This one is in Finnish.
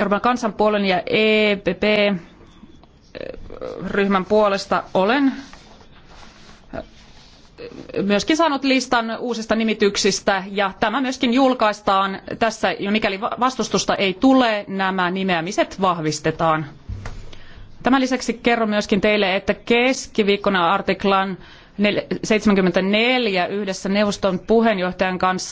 Euroopan kansanpuolen ja EPP-ryhmän eh, puolesta olen eh, myöskin saanut listan uusista nimityksistä ja tämä myöskin julkaistaan tässä ja mikäli vastustusta ei tule, nämä nimeämiset vahvistetaan. Tämän lisäksi kerron myöskin teille, että keskiviikkona artiklan 74 yhdessä neuvoston puheenjohtajan kanssa